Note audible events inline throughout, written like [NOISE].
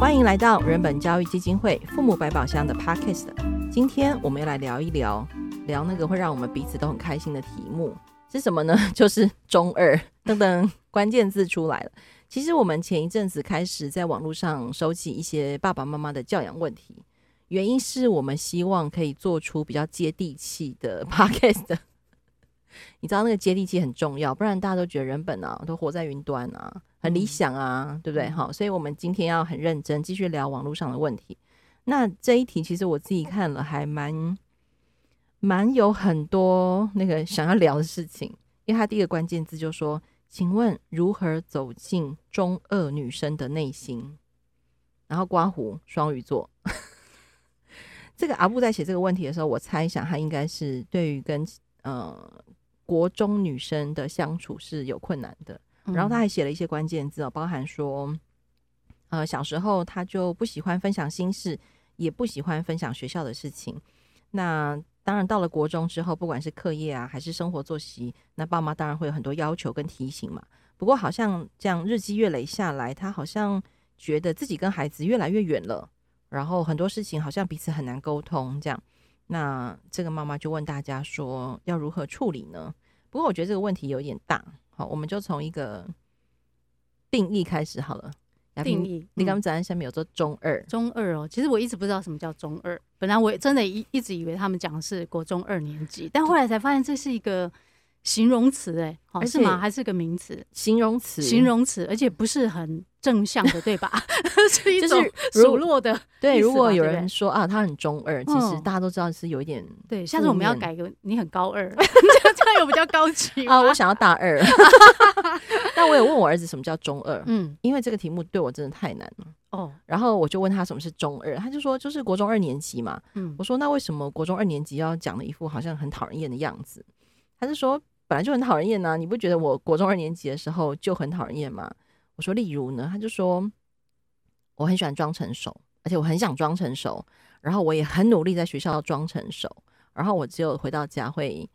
歡迎來到人本教育基金會父母百寶箱的 podcast。今天我們要來聊一聊，聊那個會讓我們彼此都很開心的題目是什麼呢？就是中二。噔噔，關鍵字出來了。其實我們前一陣子開始在網絡上收集一些爸爸媽媽的教養問題，原因是我們希望可以做出比較接地氣的 podcast。你知道那個接地氣很重要，不然大家都覺得人本啊，都活在雲端啊，很理想啊，嗯、對不對？好，所以我們今天要很認真繼續聊網絡上的問題。那這一題其實我自己看了，還蠻蠻有很多那個想要聊的事情，因為它第一個關鍵字就是說，請問如何走進中二女生的內心？然後刮鬍雙魚座， [LAUGHS] 這個阿布在寫這個問題的時候，我猜想他應該是對於跟呃。國中女生的相處是有困難的，然後他還寫了一些關鍵字哦、喔，嗯、包含說，呃，小時候他就不喜歡分享心事，也不喜歡分享學校的事情。那當然到了國中之後，不管是課業啊，還是生活作息，那爸媽當然會有很多要求跟提醒嘛。不過好像這樣日積月累下來，他好像覺得自己跟孩子越來越遠了，然後很多事情好像彼此很難溝通。這樣，那這個媽媽就問大家說，要如何處理呢？不過我覺得這個問題有點大，好，我們就從一個定義開始好了。定義，你剛剛在下面有說「中二」，中二哦。其實我一直不知道什麼叫“中二”，本來我真的一一直以為他們講的是國中二年級，但後來才發現這是一個形容詞，哎，還是嗎？還是個名詞？形容詞，形容詞，而且不是很正向的，對吧？是一種數落的意思。如果有人說啊，他很中二，其實大家都知道是有一點對。下次我們要改個，你很高二。 [LAUGHS] 有比較高級啊！Oh, 我想要大二。但我有問我兒子什麼叫中二？嗯，因為這個題目對我真的太難了哦。嗯，然後我就問他什麼是中二，他就說就是國中二年級嘛。嗯，我說那為什麼國中二年級要講的一副好像很討人厭的樣子？他就說本來就很討人厭啊！你不覺得我國中二年級的時候就很討人厭嗎？我說例如呢？他就說我很喜歡裝成熟，而且我很想裝成熟，然後我也很努力在學校裝成熟，然後我只有回到家會。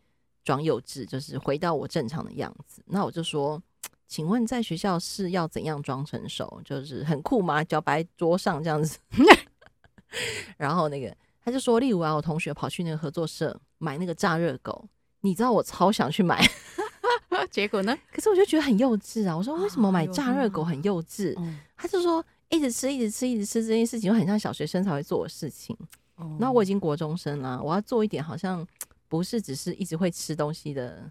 裝幼稚，就是回到我正常的樣子，那我就說，請問在學校是要怎樣裝成熟？就是很酷嗎？腳擺在桌上這樣子。 [LAUGHS] 然後那個他就說，例如啊，我同學跑去那個合作社買那個炸熱狗，你知道我超想去買， [LAUGHS] [LAUGHS] 結果呢？可是我就覺得很幼稚啊！我說為什麼買炸熱狗很幼稚？啊哎、他就說一直吃一直吃一直吃這件事情，就很像小學生才會做的事情。嗯、那我已經國中生了、啊，我要做一點好像。不是只是一直會吃東西的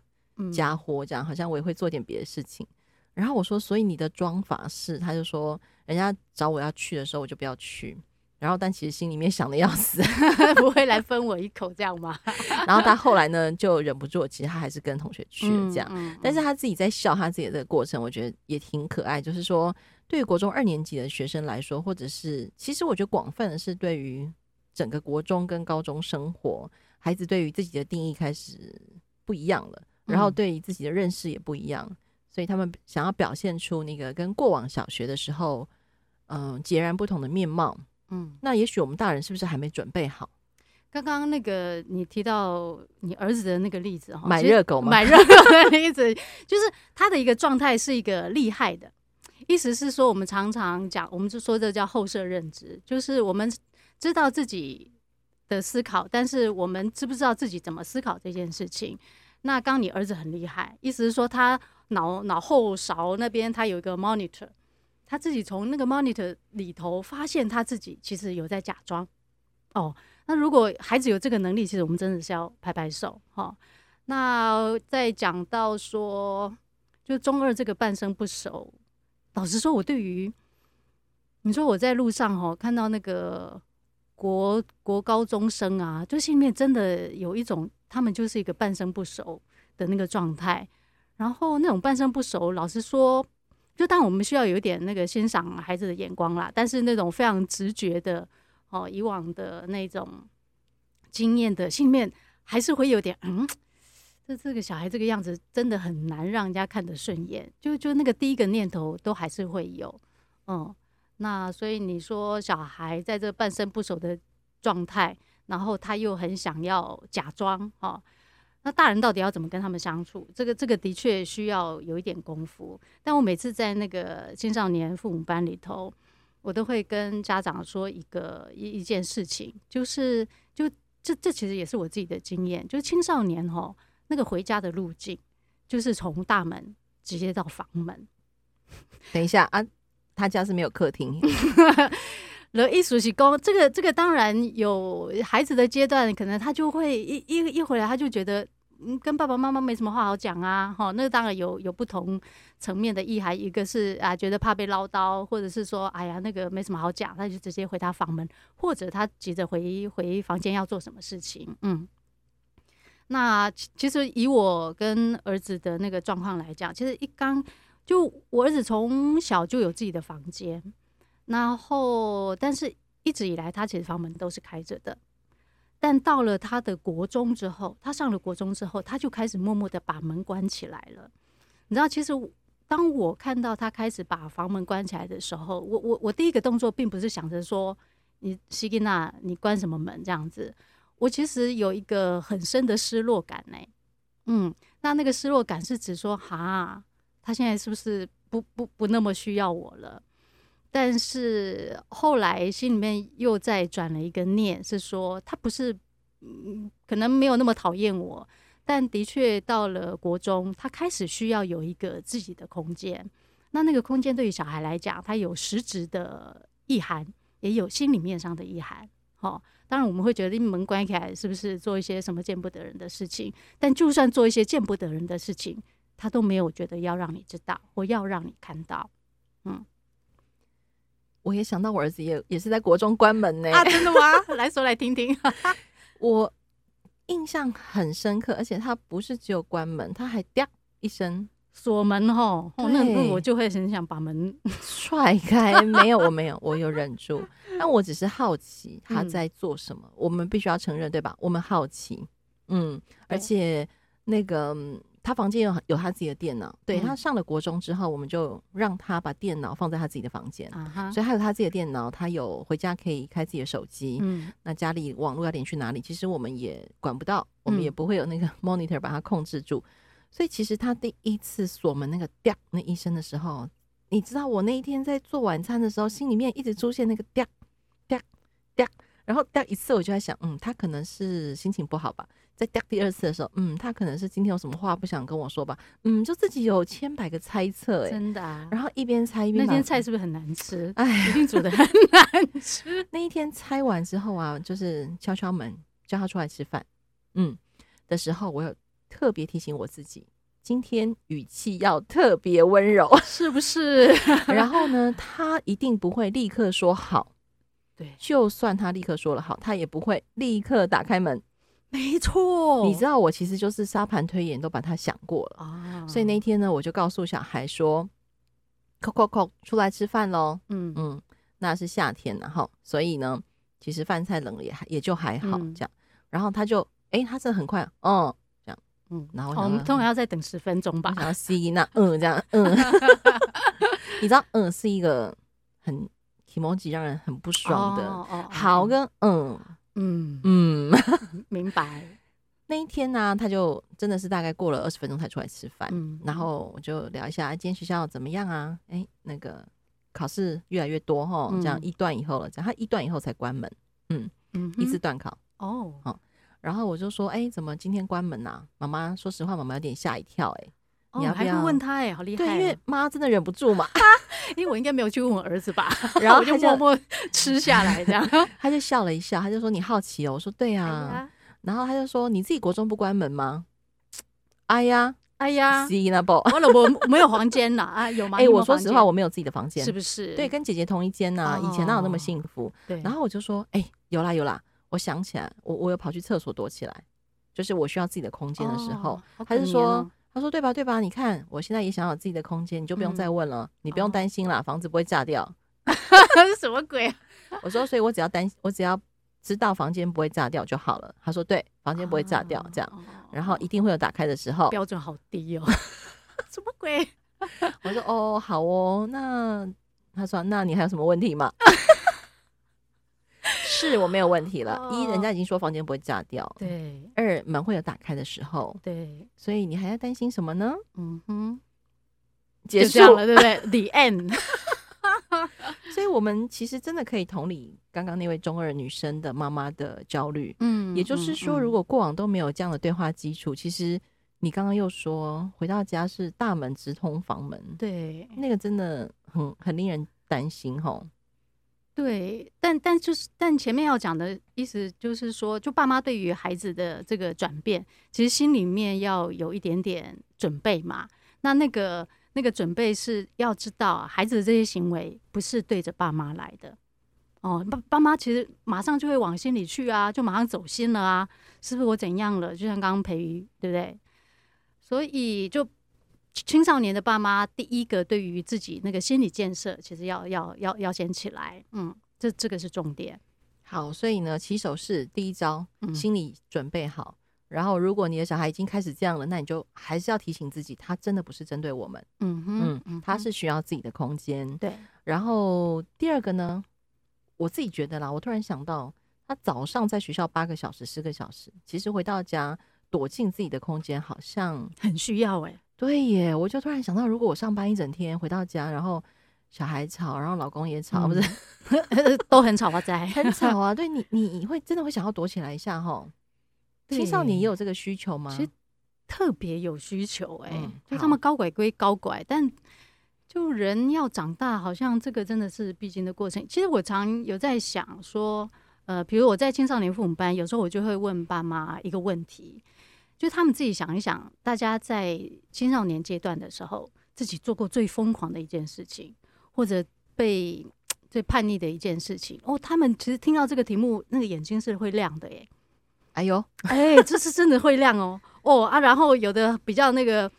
家伙，這樣、嗯、好像我也會做點別的事情。然後我說，所以你的裝法是？他就說，人家找我要去的時候，我就不要去。然後，但其實心裡面想得要死， [LAUGHS] [LAUGHS] 不會來分我一口這樣嗎？ [LAUGHS] 然後他後來呢，就忍不住，其實他還是跟同學去了這樣。嗯嗯、但是他自己在笑他自己的這個過程，我覺得也挺可愛。就是說，對於國中二年級的學生來說，或者是其實我覺得廣泛的是對於整個國中跟高中生活，孩子對於自己的定義開始不一樣了，然後對於自己的認識也不一樣，嗯、所以他們想要表現出那個跟過往小學的時候，嗯、呃，截然不同的面貌。嗯，那也許我們大人是不是還沒準備好？剛剛那個你提到你兒子的那個例子哈，喔、買熱狗，買熱狗的例子， [LAUGHS] 就是他的一個狀態是一個厲害的，意思是說我們常常講，我們就說這叫後設認知，就是我們知道自己。的思考，但是我們知不知道自己怎麼思考這件事情？那剛你兒子很厲害，意思是說他腦腦後勺那邊他有一個 monitor，他自己從那個 monitor 裡頭發現他自己其實有在假裝。哦，那如果孩子有這個能力，其實我們真的是要拍拍手哈、哦。那再講到說，就中二這個半生不熟，老實說，我對於你說我在路上哈看到那個。國國高中生啊，就心裡面真的有一種，他們就是一個半生不熟的那個狀態。然後那種半生不熟，老實說，就當我們需要有一點那個欣賞孩子的眼光啦。但是那種非常直覺的，哦，以往的那種經驗的信念，還是會有點，嗯，這這個小孩這個樣子，真的很難讓人家看得順眼。就就那個第一個念頭，都還是會有，嗯。那所以你說小孩在這半生不熟的狀態，然後他又很想要假裝哈、哦，那大人到底要怎麼跟他們相處？這個這個的確需要有一點功夫。但我每次在那個青少年父母班裡頭，我都會跟家長說一個一一件事情，就是就這這其實也是我自己的經驗，就是青少年哈、哦、那個回家的路徑，就是從大門直接到房門。等一下啊。他家是沒有客廳， [LAUGHS] [LAUGHS] 了。意思是說，這個這個當然有孩子的階段，可能他就會一一一回來，他就覺得嗯，跟爸爸媽媽沒什麼話好講啊，哈。那個、當然有有不同層面的意涵，一個是啊，覺得怕被嘮叨，或者是說哎呀，那個沒什麼好講，他就直接回他房門，或者他急着回回房間要做什麼事情。嗯，那其實以我跟兒子的那個狀況來講，其實一剛。就我兒子從小就有自己的房間，然後但是一直以來他其實房門都是開着的，但到了他的國中之後，他上了國中之後，他就開始默默的把門關起來了。你知道，其實我當我看到他開始把房門關起來的時候，我我我第一個動作並不是想着說，你希吉娜你關什麼門這樣子，我其實有一個很深的失落感呢、欸。嗯，那那個失落感是指說哈。他現在是不是不不不那麼需要我了？但是後來心裡面又再轉了一個念，是說他不是，嗯，可能沒有那麼討厭我，但的確到了國中，他開始需要有一個自己的空間。那那個空間對於小孩來講，他有實質的意涵，也有心裡面上的意涵。好、哦，當然我們會覺得一門關起來是不是做一些什麼見不得人的事情？但就算做一些見不得人的事情。他都沒有覺得要讓你知道，我要讓你看到。嗯，我也想到我兒子也也是在國中關門呢、欸。啊，真的嗎？ [LAUGHS] 來說來聽聽。 [LAUGHS] 我印象很深刻，而且他不是只有關門，他還“掉”一聲鎖門吼對。那我就會很想把門踹 [LAUGHS] 開。沒有，我沒有，我有忍住。 [LAUGHS] 但我只是好奇他在做什麼。嗯、我們必須要承認，對吧？我們好奇。嗯，而且那個。欸他房間有有他自己的電腦，對，他上了國中之後，我們就讓他把電腦放在他自己的房間，嗯 uh huh、所以他有他自己的電腦，他有回家可以開自己的手機。嗯，那家裡網絡要連去哪裡？其實我們也管不到，我們也不會有那個 monitor 把他控制住。嗯、所以其實他第一次鎖門那個掉、呃、那一聲的時候，你知道我那一天在做晚餐的時候，心裡面一直出現那個掉掉掉，然後掉、呃、一次我就在想，嗯，他可能是心情不好吧。在第二次的時候，嗯，他可能是今天有什麼話不想跟我說吧，嗯，就自己有千百個猜測、欸，真的、啊。然後一邊猜一邊，那天菜是不是很難吃？哎呦，一定煮得很難吃。 [LAUGHS] 那一天猜完之後啊，就是敲敲門，叫他出來吃飯，嗯，的時候我有特別提醒我自己，今天語氣要特別溫柔，是不是？ [LAUGHS] 然後呢，他一定不會立刻說好，對，就算他立刻說了好，他也不會立刻打開門。沒錯，你知道我其實就是沙盤推演，都把他想過了啊。哦、所以那天呢，我就告訴小孩說：“扣扣扣，出來吃飯嘍。嗯”嗯嗯，那是夏天、啊，然後所以呢，其實飯菜冷了也也就還好、嗯、這樣。然後他就哎、欸，他真的很快哦、嗯，這樣嗯。然後我們、哦、通常要再等十分鐘吧。然後 C 那嗯，這樣，嗯， [LAUGHS] [LAUGHS] 你知道嗯，是一個很 emoji 讓人很不爽的。哦哦、好跟，跟嗯。嗯嗯嗯， [LAUGHS] 明白。那一天呢、啊，他就真的是大概過了二十分鐘才出來吃飯。嗯、然後我就聊一下今天學校怎麼樣啊？誒、欸，那個考試越來越多哦，嗯、這樣一段以後了，這樣他一段以後才關門。嗯嗯哼，一次斷考哦。好，然後我就說，誒、欸，怎麼今天關門啊？媽媽，說實話，媽媽有點嚇一跳、欸。誒。你要不要問他？哎，好厲害！對，因為媽真的忍不住嘛。因為我應該沒有去問我兒子吧？然後我就默默吃下來，這樣。他就笑了一下，他就說：“你好奇哦？”我說：“對啊。”然後他就說：“你自己國中不關門嗎？”哎呀，哎呀 c 我老婆沒有房間了啊？有嗎？哎，我說實話，我沒有自己的房間，是不是？對，跟姐姐同一間呢。以前哪有那麼幸福？對。然後我就說：“哎，有啦有啦！”我想起來，我我有跑去廁所躲起來，就是我需要自己的空間的時候。他就說。他說：“對吧，對吧？你看，我現在也想要有自己的空間，你就不用再問了，嗯、你不用擔心啦，哦、房子不會炸掉。 [LAUGHS] ”是 [LAUGHS] 什麼鬼、啊？我說，所以我只要擔心，我只要知道房間不會炸掉就好了。他說：“對，房間不會炸掉，哦、這樣，然後一定會有打開的時候。哦”標準好低哦， [LAUGHS] [LAUGHS] 什麼鬼？ [LAUGHS] 我說：“哦，好哦。那”那他說：“那你還有什麼問題嗎？” [LAUGHS] 是，我沒有問題了。一，人家已經說房間不會炸掉。Oh, 對。二，門會有打開的時候。對。所以你還在擔心什麼呢？嗯哼、mm。Hmm. 結束了， [LAUGHS] 對不對？The end。 [LAUGHS] 所以，我們其實真的可以同理剛剛那位中二女生的媽媽的焦慮。嗯。也就是說，如果過往都沒有這樣的對話基礎，嗯嗯、其實你剛剛又說回到家是大門直通房門，對，那個真的很很令人擔心吼。對，但但就是，但前面要講的意思就是說，就爸媽對於孩子的這個轉變，其實心裡面要有一點點準備嘛。那那個那個準備是要知道啊，孩子的這些行為不是對着爸媽來的，哦，爸爸媽其實馬上就會往心裡去啊，就馬上走心了啊，是不是我怎樣了？就像剛剛培瑜，對不對？所以就。青少年的爸媽，第一個對於自己那個心理建設，其實要要要要先起來，嗯，這這個是重點。好，所以呢，起手式第一招，心理準備好。嗯、然後，如果你的小孩已經開始這樣了，那你就還是要提醒自己，他真的不是針對我們，嗯哼嗯，他是需要自己的空間。對。然後第二個呢，我自己覺得啦，我突然想到，他早上在學校八個小時、十個小時，其實回到家躲進自己的空間，好像很需要哎、欸。對耶，我就突然想到，如果我上班一整天，回到家，然後小孩吵，然後老公也吵，嗯、不是 [LAUGHS] 都很吵吧在 [LAUGHS] 很吵啊！對你，你會真的會想要躲起來一下哈？青少年也有這個需求嗎？其實特別有需求哎，就、嗯、他們高拐歸高拐，但就人要長大，好像這個真的是必經的過程。其實我常有在想說，呃，比如我在青少年父母班，有時候我就會問爸媽一個問題。就他們自己想一想，大家在青少年階段的時候，自己做過最瘋狂的一件事情，或者被最叛逆的一件事情。哦，他們其實聽到這個題目，那個眼睛是會亮的耶。哎，哎呦，哎、欸，這是真的會亮、喔、 [LAUGHS] 哦。哦啊，然後有的比較那個，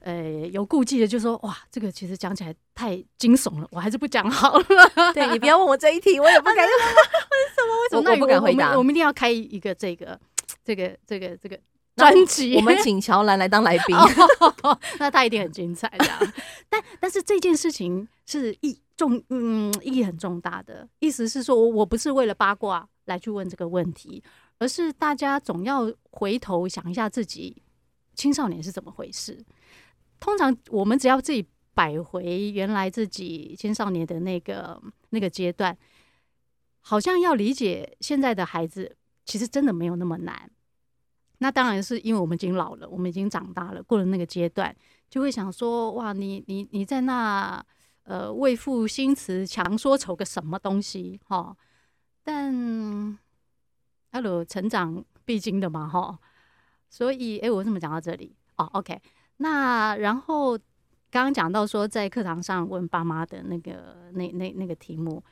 呃，有顧忌的就是說：“哇，這個其實講起來太驚悚了，我還是不講好了。 [LAUGHS] ”對，你不要問我這一題，我也不敢問。 [LAUGHS] 為什麼？為什麼？我，我不敢回答我。我們一定要開一個這個，這個，這個，這個。這個專輯，專我們請喬蘭來當來賓、 [LAUGHS] 哦哦，那他一定很精彩的，啊。的， [LAUGHS] 但，但是這件事情是意重，嗯，意義很重大的。意思是說我，我我不是為了八卦來去問這個問題，而是大家總要回頭想一下自己青少年是怎麼回事。通常，我們只要自己擺回原來自己青少年的那個那個階段，好像要理解現在的孩子，其實真的沒有那麼難。那當然是因為我們已經老了，我們已經長大了，過了那個階段，就會想說：哇，你你你在那，呃，為賦新詞強說愁個什麼東西？哈，但阿魯、啊、成長必經的嘛，哈。所以，哎、欸，我怎麼講到這裡？哦、oh，OK。那然後剛剛講到說，在課堂上問爸媽的那個那那那個題目，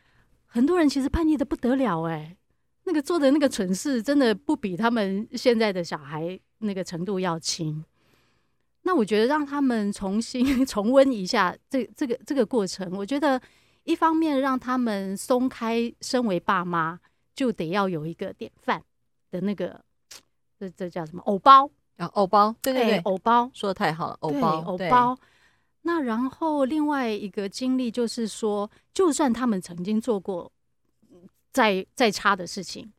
很多人其實叛逆的不得了、欸，哎。那個做的那個蠢事，真的不比他們現在的小孩那個程度要輕。那我覺得讓他們重新重溫一下這這個這個過程，我覺得一方面讓他們鬆開，身為爸媽就得要有一個典範的那個，這這叫什麼？偶包啊，偶包，對對對，欸、偶包說的太好了，偶包，偶包。對那然後另外一個經歷就是說，就算他們曾經做過。再再差的事情，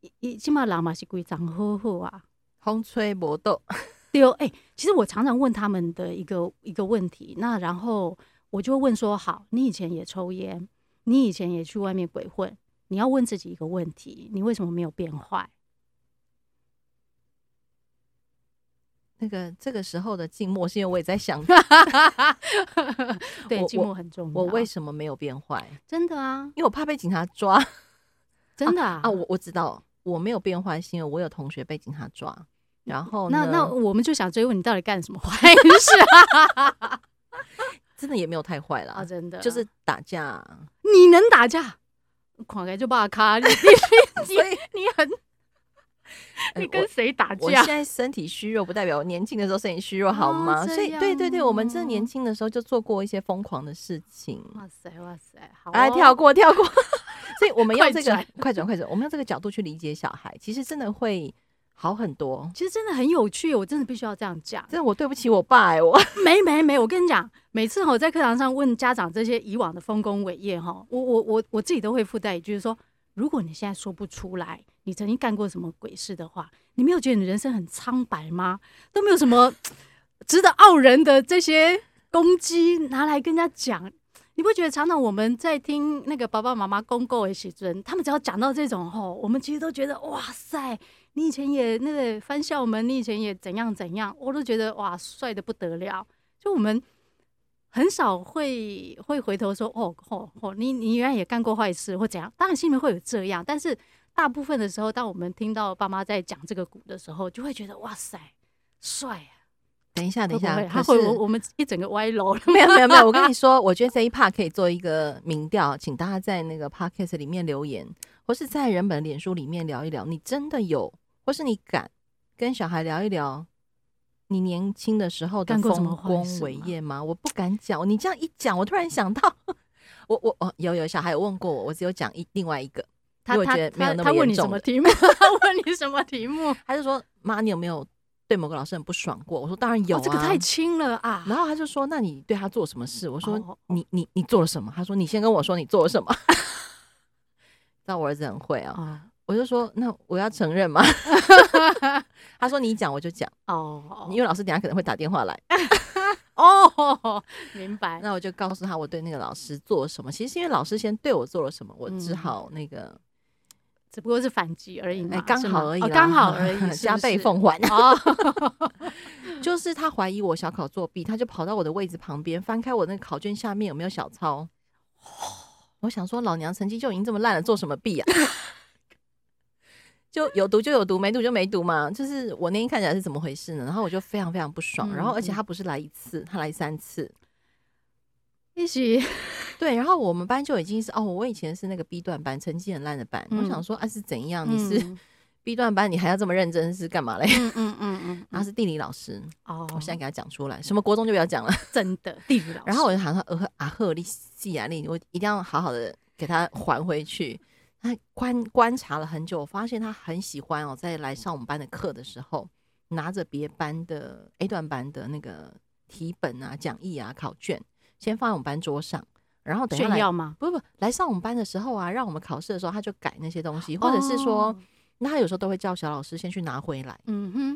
一一起碼老馬是規章好好啊，風吹不動。 [LAUGHS] 對哦，哎、欸，其實我常常問他們的一個一個問題，那然後我就問說：好，你以前也抽煙，你以前也去外面鬼混，你要問自己一個問題：你為什麼沒有變壞？嗯那個這個時候的靜默，是因為我也在想， [LAUGHS] 對，我，靜默很重要。我為什麼沒有變壞？真的啊，因為我怕被警察抓。真的啊，啊啊我我知道，我沒有變壞，是因為我有同學被警察抓。然後，那那我們就想追問你，到底幹什麼壞事啊？ [LAUGHS] [LAUGHS] 真的也沒有太壞了，啊，真的就是打架，啊。你能打架，狂開就把卡，你你你你很。你跟誰打架？呃我？我現在身體虛弱，不代表我年輕的時候身體虛弱，好嗎？哦、所以，對對對，我們這年輕的時候就做過一些瘋狂的事情。哇塞，哇塞，好、哦，來、哎、跳過，跳過。 [LAUGHS] 所以我們用這個快轉轉，快轉，我們用這，這個角度去理解小孩，其實真的會好很多。其實真的很有趣，我真的必須要這樣講。真的，我對不起我爸、欸，我沒沒沒，我跟你講，每次我，在課堂上問家長這些以往的豐功偉業，哈，我我我我自己都會附帶一句、就是，說。如果你現在說不出來，你曾經幹過什麼鬼事的話，你沒有覺得你人生很蒼白嗎？都沒有什麼值得傲人的這些功績，拿來跟人家講。你不覺得常常我們在聽那個爸爸媽媽公告一起的人，他們只要講到這種吼，我們其實都覺得哇塞，你以前也那個翻校門，你以前也怎樣怎樣，我都覺得哇帥得不得了。就我們。很少會會回頭說哦哦哦，你你原來也幹過壞事或怎樣？當然，心裡面會有這樣，但是大部分的時候，當我們聽到爸媽在講這個故事的時候，就會覺得哇塞，帥啊！等一下，等一下，他會，是他我我們一整個歪樓 [LAUGHS] 沒有沒有沒有，我跟你說，我覺得這一 part 可以做一個民調， [LAUGHS] 請大家在那個 podcast 裡面留言，或是在人本臉書裡面聊一聊。你真的有，或是你敢跟小孩聊一聊？你年輕的時候的豐功偉業嗎？嗎我不敢講。你這樣一講，我突然想到，我我哦，有有小孩有問過我，我只有講一另外一個。他他問你什麼題目？他問你什麼題目？還是 [LAUGHS] 說，媽，你有沒有對某個老師很不爽過？我說當然有啊，哦，這個太輕了啊！然後他就說，那你對他做什麼事？我說，你你你做了什麼？他說，你先跟我說你做了什麼。那 [LAUGHS] 我兒子很會啊，啊我就說，那我要承認嗎？ [LAUGHS] [LAUGHS] 他說：“你講我就講哦，oh, oh, oh, oh. 因為老師等下可能會打電話來哦， [LAUGHS] oh, oh, oh, [LAUGHS] 明白。那我就告訴他我對那個老師做了什麼。其實是因為老師先對我做了什麼，我只好那個，嗯、只不過是反擊而已，剛、欸、剛好而已，剛、oh, 好而已是不是？呵呵，加倍奉還啊！ [LAUGHS] oh. [LAUGHS] [LAUGHS] 就是他懷疑我小考作弊，他就跑到我的位置旁邊，翻開我那個考卷，下面有沒有小抄。 [LAUGHS] 我想說，老娘成績就已經這麼爛了，做什麼弊啊？” [LAUGHS] 就有讀就有讀，沒讀就沒讀嘛。就是我那天看起來是怎麼回事呢？然後我就非常非常不爽。嗯、然後而且他不是來一次，他來三次。也許須對。然後我們班就已經是哦，我以前是那個 B 段班，成績很爛的班。嗯、我想說啊，是怎樣？嗯、你是 B 段班，你還要這麼認真，是幹嘛嘞？嗯嗯嗯嗯。嗯嗯然後是地理老師哦，嗯、我現在給他講出來，哦、什麼國中就不要講了。真的，地理老師。然後我就喊他呃阿赫利，西亞利，我一定要好好的給他還回去。他觀觀察了很久，發現他很喜歡哦、喔。在來上我們班的課的時候，拿着別班的 A 段班的那個題本啊、講義啊、考卷，先放在我們班桌上，然後等一下嗎？不不，不來上我們班的時候啊，讓我們考試的時候他就改那些東西，或者是說，哦、那他有時候都會叫小老師先去拿回來。嗯哼，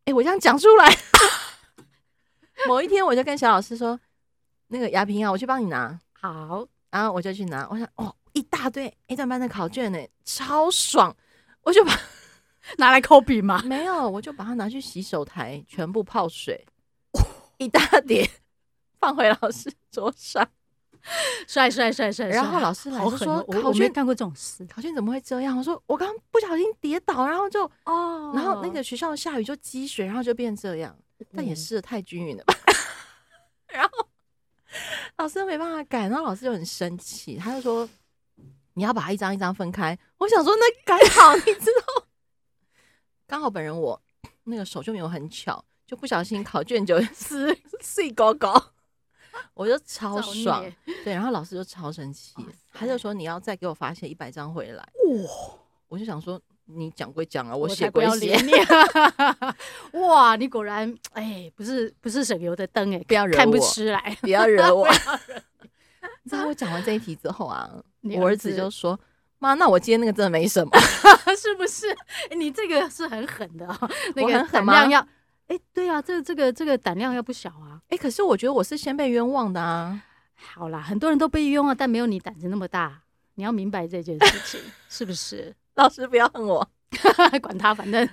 哎、欸，我這樣講出來， [LAUGHS] [LAUGHS] 某一天我就跟小老師說：“那個雅萍啊，我去幫你拿。”好，然後我就去拿，我想哦。一大堆 A 段班的考卷呢，欸，超爽，我就把 [LAUGHS] 拿來摳筆嘛。沒有，我就把它拿去洗手台，全部泡水， [LAUGHS] 一大疊放回老師桌上。帥帥帥帥，然後老師來，我說我我沒幹過這種事，考卷怎麼會這樣？我說我剛剛不小心跌倒，然後就哦，然後那個學校下雨就積水，然後就變這樣。但也濕得太均勻了吧？嗯、 [LAUGHS] 然後老師沒辦法改，然後老師就很生氣，他就說。你要把它一張一張分開，我想說那改好，你知道，剛 [LAUGHS] [LAUGHS] 好本人我那個手就沒有很巧，就不小心考卷就撕碎高高，我就超爽。對，然後老師就超生氣，他就說，你要再給我罰寫一百張回來。哇，我就想說，你講歸講啊，我寫歸寫。哇，你果然哎，不是不是省油的燈哎，不要惹我，看不出來，不要惹我。你知道我講完這一題之後啊？我兒子就說：“媽，那我今天那個真的沒什麼， [LAUGHS] 是不是、欸？你這個是很狠的、喔，我很狠嗎？那個膽量要……哎、欸，對啊，這個、這個這個膽量要不小啊！哎、欸，可是我覺得我是先被冤枉的啊！好啦，很多人都被冤枉，但沒有你膽子那麼大。你要明白這件事情， [LAUGHS] 是不是？老師不要恨我， [LAUGHS] 管他，反正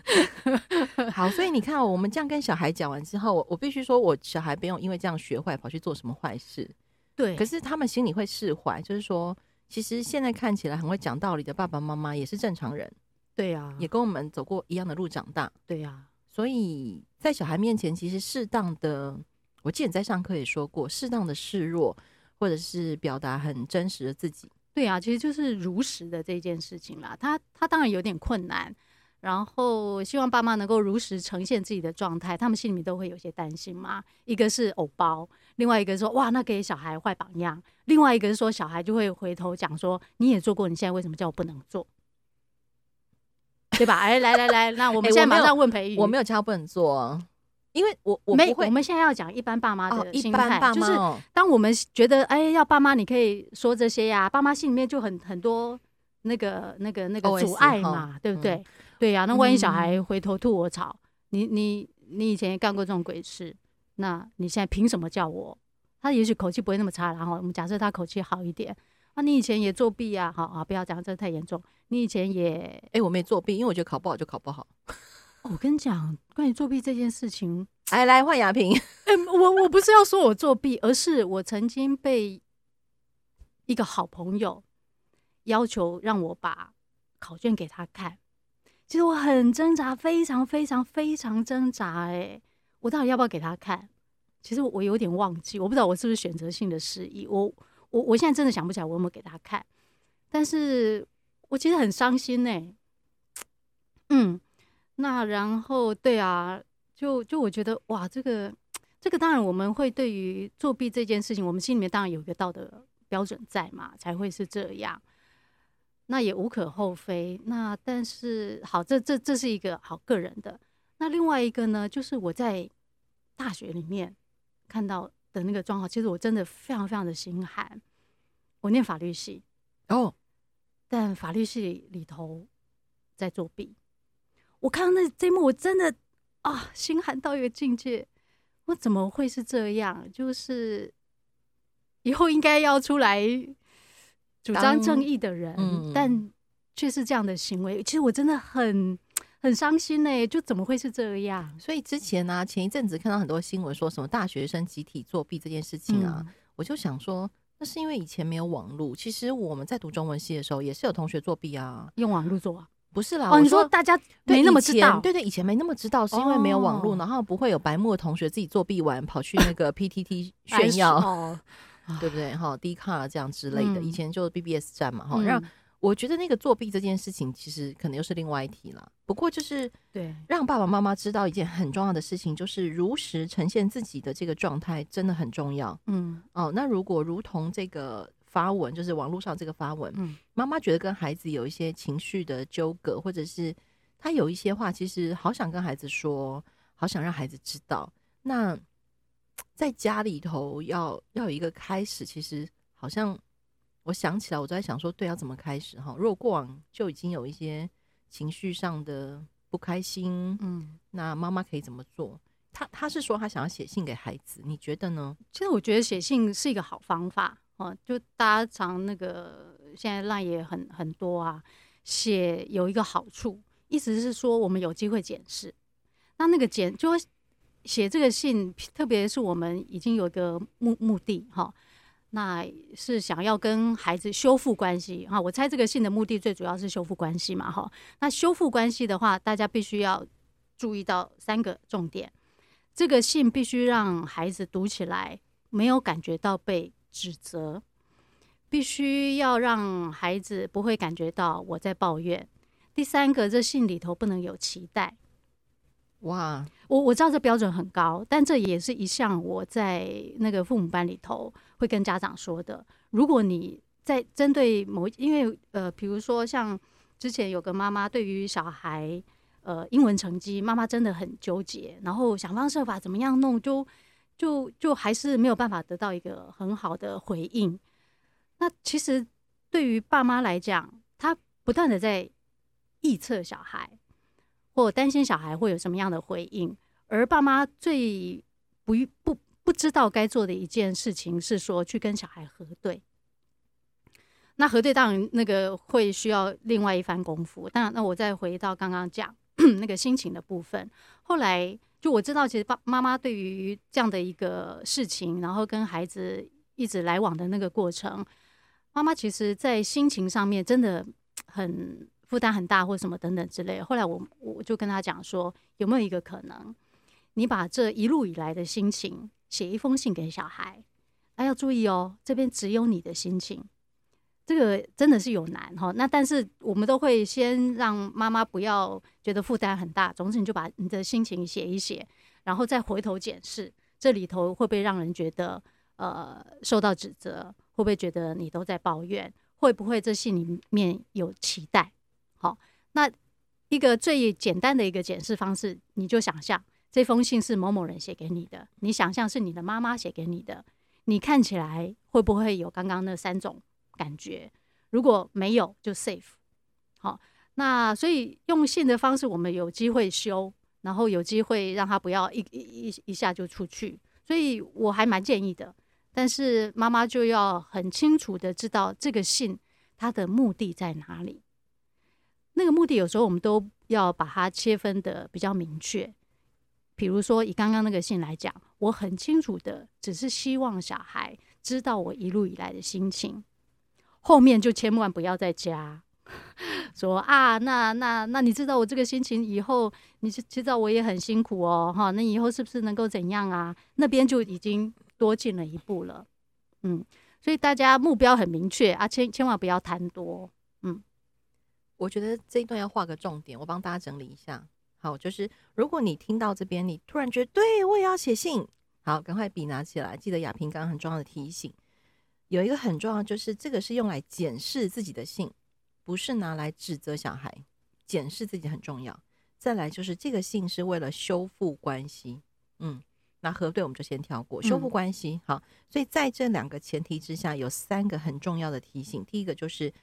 [LAUGHS] 好。所以你看、哦，我們這樣跟小孩講完之後，我我必須說，我小孩不用因為這樣學壞，跑去做什麼壞事。對，可是他們心裡會釋懷，就是說。”其實現在看起來很會講道理的爸爸媽媽也是正常人，對啊，也跟我們走過一樣的路長大，對啊，所以在小孩面前，其實適當的，我記得你在上課也說過，適當的示弱或者是表達很真實的自己，對啊，其實就是如實的這件事情啦。他他當然有點困難。然後希望爸媽能夠如實呈現自己的狀態，他們心裡面都會有些擔心嘛，一個是偶包，另外一個是說哇，那給小孩壞榜樣，另外一個是說小孩就會回頭講說，你也做過，你現在為什麼叫我不能做？ [LAUGHS] 對吧？哎，來來來，那我們、哎、現在馬上問培瑜，我沒有叫不能做、啊，因為我我不會我們現在要講一般爸媽的心態，哦哦，就是當我們覺得哎，要爸媽你可以說這些呀、啊，爸媽心裡面就很很多那個那個那個阻礙嘛，oh, I 對不對？嗯對呀、啊，那萬一小孩回頭吐我槽，嗯嗯，你你你以前也幹過這種鬼事，那你現在憑什麼叫我？他也許口氣不會那麼差，然後我們假設他口氣好一點，啊，你以前也作弊啊，好啊，不要講這，這太嚴重。你以前也……哎、欸，我沒作弊，因為我覺得考不好就考不好。 [LAUGHS] 我跟你講，關於作弊這件事情，哎，來，換雅萍。 [LAUGHS] 欸、我我不是要說我作弊，而是我曾經被一個好朋友要求讓我把考卷給他看。其實我很掙扎，非常非常非常掙扎，欸。哎，我到底要不要給他看？其實我有點忘記，我不知道我是不是選擇性的失憶。我我我現在真的想不起來，我有沒有給他看？但是，我其實很傷心，欸。哎，嗯，那然後對啊，就就我覺得哇，這個這個當然我們會對於作弊這件事情，我們心裡面當然有一個道德標準在嘛，才會是這樣。那也無可厚非，那但是好，這這這是一個好個人的。那另外一個呢，就是我在大學裡面看到的那個狀況，其實我真的非常非常的心寒。我念法律系，哦，oh. 但法律系裡頭在作弊。我看到那這幕，我真的啊心寒到一個境界。我怎麼會是這樣？就是以後應該要出來主張正義的人，嗯、但卻是這樣的行為。其實我真的很很傷心嘞、欸，就怎麼會是這樣？所以之前啊，前一陣子看到很多新聞，說什麼大學生集體作弊這件事情啊，嗯、我就想說，那是因為以前沒有網絡。其實我們在讀中文系的時候，也是有同學作弊啊，用網絡做，啊。不是啦、哦。你說大家沒那麼知道，對，對對，以前沒那麼知道，是因為沒有網絡，哦、然後不會有白目的同學自己作弊完跑去那個 PTT 炫耀。 [LAUGHS] [LAUGHS] 對不對？哈、哦，Dcard 這樣之類的，嗯、以前就 BBS 站嘛，哈、嗯。讓我覺得那個作弊這件事情，其實可能又是另外一題了。不過就是對，讓爸爸媽媽知道一件很重要的事情，就是如實呈現自己的這個狀態真的很重要。嗯，哦，那如果如同這個發文，就是網絡上這個發文，嗯、媽媽覺得跟孩子有一些情緒的糾葛，或者是他有一些話，其實好想跟孩子說，好想讓孩子知道，那。在家裡頭要要有一個開始，其實好像我想起來，我都在想說，對，要怎麼開始哈？如果過往就已經有一些情緒上的不開心，嗯，那媽媽可以怎麼做？他他是說他想要寫信給孩子，你覺得呢？其實我覺得寫信是一個好方法哦、啊，就大家常那個現在賴也很很多啊，寫有一個好處，意思是說我們有機會檢視，那那個檢就。寫這個信，特別是我們已經有一個目目的哈，那是想要跟孩子修復關係哈。我猜這個信的目的最主要是修復關係嘛哈。那修復關係的話，大家必須要注意到三個重點：這個信必須讓孩子讀起來沒有感覺到被指責，必須要讓孩子不會感覺到我在抱怨。第三個，這信裡頭不能有期待。哇，Wow 我我知道這標準很高，但這也是一項我在那個父母班裡頭會跟家長說的。如果你在針對某一，因為呃，比如說像之前有個媽媽，對於小孩呃英文成績，媽媽真的很糾結，然後想方設法，法怎麼樣弄，就就就還是沒有辦法得到一個很好的回應。那其實對於爸媽來講，他不斷的在臆測小孩。我擔心小孩會有什麼樣的回應，而爸媽最不不不，不知道該做的一件事情是說去跟小孩核對。那核對當然那個會需要另外一番功夫。但那我再回到剛剛講 [COUGHS] 那個心情的部分。後來就我知道，其實爸爸媽媽對於這樣的一個事情，然後跟孩子一直來往的那個過程，媽媽其實在心情上面真的很。負擔很大，或者什麼等等之類。後來我我就跟他講說，有沒有一個可能，你把這一路以來的心情寫一封信給小孩。啊，那要注意哦，這邊只有你的心情。這個真的是有難哈。那但是我們都會先讓媽媽不要覺得負擔很大。總之你就把你的心情寫一寫，然後再回頭檢視這裡頭會不會讓人覺得呃受到指責？會不會覺得你都在抱怨？會不會這信裡面有期待？好，那一個最簡單的一個檢視方式，你就想象這封信是某某人寫給你的，你想象是你的媽媽寫給你的，你看起來會不會有剛剛那三種感覺？如果沒有，就 safe。好，那所以用信的方式，我們有機會修，然後有機會讓他不要一一一一下就出去。所以我還蠻建議的，但是媽媽就要很清楚的知道這個信它的目的在哪裡。那個目的有時候我們都要把它切分的比較明確，比如說以剛剛那個信來講，我很清楚的只是希望小孩知道我一路以來的心情，後面就千萬不要再加 [LAUGHS] 說啊，那那那你知道我這個心情以後，你其實知道我也很辛苦哦，哈，那以後是不是能夠怎樣啊？那邊就已經多進了一步了，嗯，所以大家目標很明確啊，千千萬不要貪多。我覺得這一段要畫個重點，我幫大家整理一下。好，就是如果你聽到這邊，你突然覺得對我也要寫信，好，趕快筆拿起來。記得亞平剛剛很重要的提醒，有一個很重要，就是這個是用來檢視自己的信，不是拿來指責小孩。檢視自己很重要。再來就是這個信是為了修復關係。嗯，那核對我們就先跳過，修復關係。嗯、好，所以在這兩個前提之下，有三個很重要的提醒。第一個就是。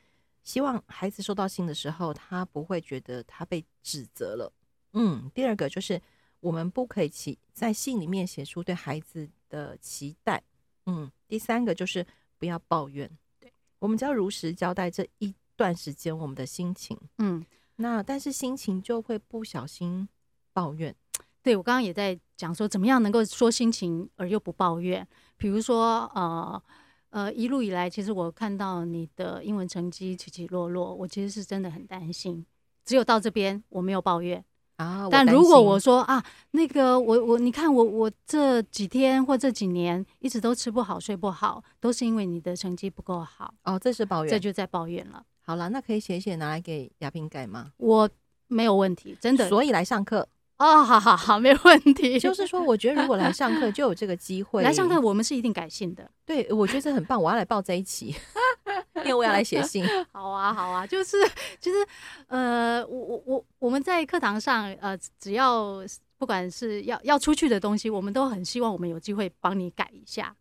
希望孩子收到信的時候，他不會覺得他被指責了。嗯，第二個就是我們不可以期在信裡面寫出對孩子的期待。嗯，第三個就是不要抱怨。對，我們只要如實交代這一段時間我們的心情。嗯，那但是心情就會不小心抱怨。對我剛剛也在講說，怎麼樣能夠說心情而又不抱怨？比如說呃。呃，一路以來，其實我看到你的英文成績起起落落，我其實是真的很擔心。只有到這邊，我沒有抱怨啊。但如果我說我啊，那個我我你看我我，你看我，我這幾天或這幾年一直都吃不好睡不好，都是因為你的成績不夠好哦。這是抱怨，這就在抱怨了。好了，那可以寫寫拿來給亞萍改嗎？我沒有問題，真的，所以來上課。哦，好好好，沒問題。就是說，我覺得如果來上課就有這個機會。 [LAUGHS] 來上課，我們是一定改信的。對，我覺得這很棒，我要來抱在一起， [LAUGHS] 因為我要來寫信。 [LAUGHS] 好啊，好啊，就是，其實，呃，我我我，我們在課堂上，呃，只要不管是要要出去的東西，我們都很希望我們有機會幫你改一下。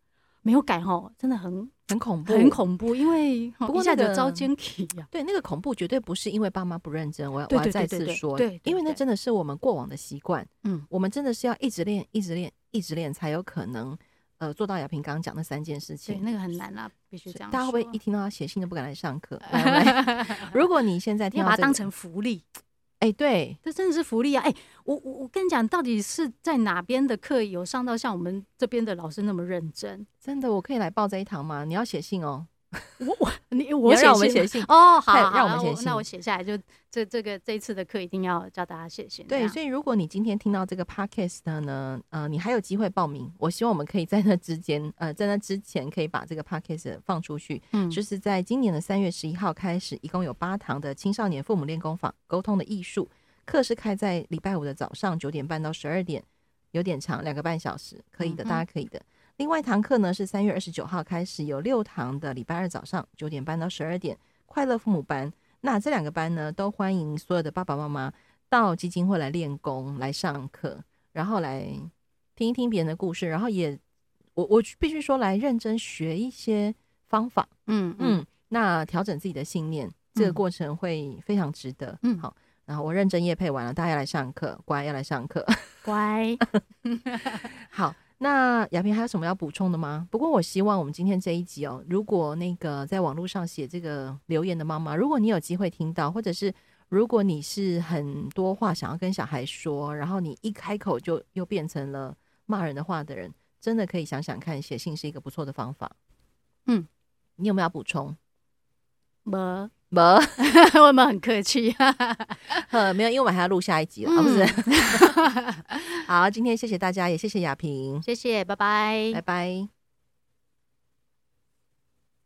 沒有改哦，真的很很恐怖，很恐怖。因為不過像招奸癖，對，那個恐怖絕對不是因為爸媽不認真，我要對對對對對，我要再次說，對，對，對，對，對對對對，因為那真的是我們過往的習慣，嗯，我們真的是要一直練，一直練，一直練，才有可能，呃，做到亞平剛剛講的三件事情，對，那個很難啊，必須這樣。大家會不會一聽到他寫信都不敢來上課？ [LAUGHS] [LAUGHS] 如果你現在聽，這個，要把它當成福利。哎、欸，對，這真的是福利啊！哎、欸，我我我跟你講，到底是在哪邊的課有上到像我們這邊的老師那麼認真？真的，我可以來報這一堂嗎？你要寫信哦。我我 [LAUGHS] 你我我們寫信哦，好讓我們寫信，們信好好，那我寫下來就這這個這一次的課一定要教大家寫信。對，所以如果你今天聽到這個 podcast 呢，呃，你還有機會報名。我希望我們可以在那之間，呃，在那之前可以把這個 podcast 放出去。嗯，就是在今年的三月十一號開始，一共有八堂的青少年父母練功坊溝通的藝術課，是開在禮拜五的早上九點半到十二點，有點長，兩個半小時，可以的，嗯、哼大家可以的。另外一堂課呢，是三月二十九號開始，有六堂的禮拜二早上九點半到十二點快樂父母班。那這兩個班呢，都歡迎所有的爸爸媽媽到基金會來練功、來上課，然後來聽一聽別人的故事，然後也我我必須說來認真學一些方法。嗯嗯，那調整自己的信念，嗯、這個過程會非常值得。嗯，好，然後我認真業配完了，大家要來上課，乖，要來上課，乖， [LAUGHS] 好。那雅萍還有什麼要補充的嗎？不過我希望我們今天這一集哦，如果那個在網絡上寫這個留言的媽媽，如果你有機會聽到，或者是如果你是很多話想要跟小孩說，然後你一開口就又變成了罵人的話的人，真的可以想想看，寫信是一個不錯的方法。嗯，你有沒有要補充？不，沒 [LAUGHS] 我們很客氣、啊，沒有，因為我們還要錄下一集了，嗯哦、不是？ [LAUGHS] 好，今天謝謝大家，也謝謝雅萍，謝謝，拜拜，拜拜。